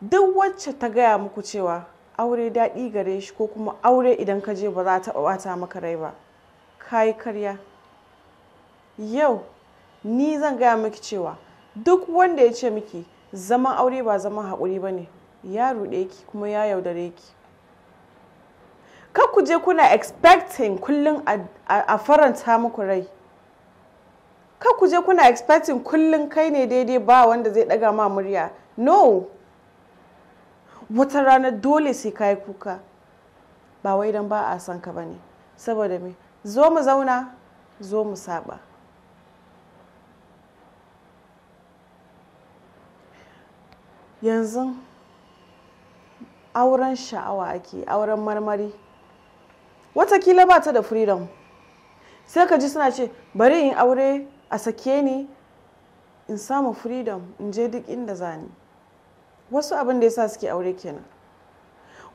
duk wacce ta gaya muku cewa aure daɗi gare shi ko kuma aure idan ka je ba za ta ɓata maka rai ba kayi karya yau ni zan gaya miki cewa duk wanda ya ce miki zaman aure ba zaman haƙuri ba ne ya ruɗe ki kuma ya yaudare ki ku je kuna expecting kullum a faranta muku rai kar ku je kuna expecting kullum kai ne daidai ba wanda zai ɗaga ma murya no wata rana dole sai ka yi kuka ba wai don ba a son ka ba ne saboda me zo mu zauna zo mu saba yanzu auren sha'awa ake auren marmari watakila ba ta da freedom sai ka ji suna ce bari in aure a sake ni in samu freedom in je duk inda zani wasu abin da ya sa suke aure kenan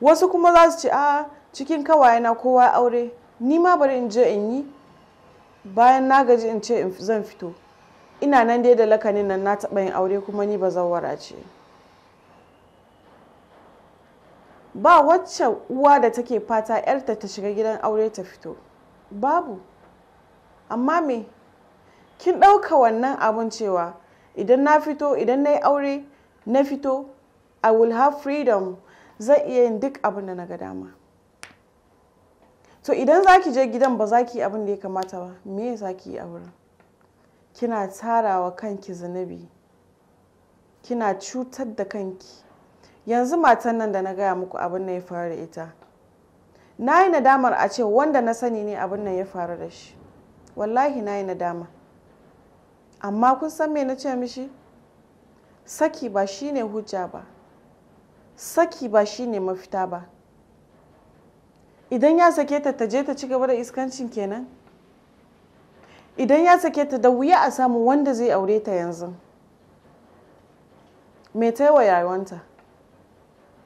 wasu kuma za su ce a cikin kawaye na kowa aure ni ma bari in je in yi bayan na gaji in ce zan fito ina nan dai da lakanin nan na taɓa yin aure kuma ni ba zawara ce ba wacce uwa da take fata yarta ta shiga gidan aure ta fito babu amma me kin ɗauka wannan abun cewa idan na fito idan na yi aure na fito I will have freedom zan iya yin duk abin da na ga dama to idan za ki je gidan ba za ki yi abin da ya kamata ba me za ki yi a wurin kina tarawa kanki zunubi kina cutar da kanki yanzu matan nan da na gaya muku abin da ya faru da ita na yi nadamar a ce wanda na sani ne abin nan ya faru da shi wallahi na yi nadama amma kun san me na ce mishi saki ba shi ne hujja ba saki ba shine mafita ba idan ya sake ta taje, ta ci gaba da iskancin kenan idan ya sake ta da wuya a samu wanda zai aure ta yanzu mai wa yayuwanta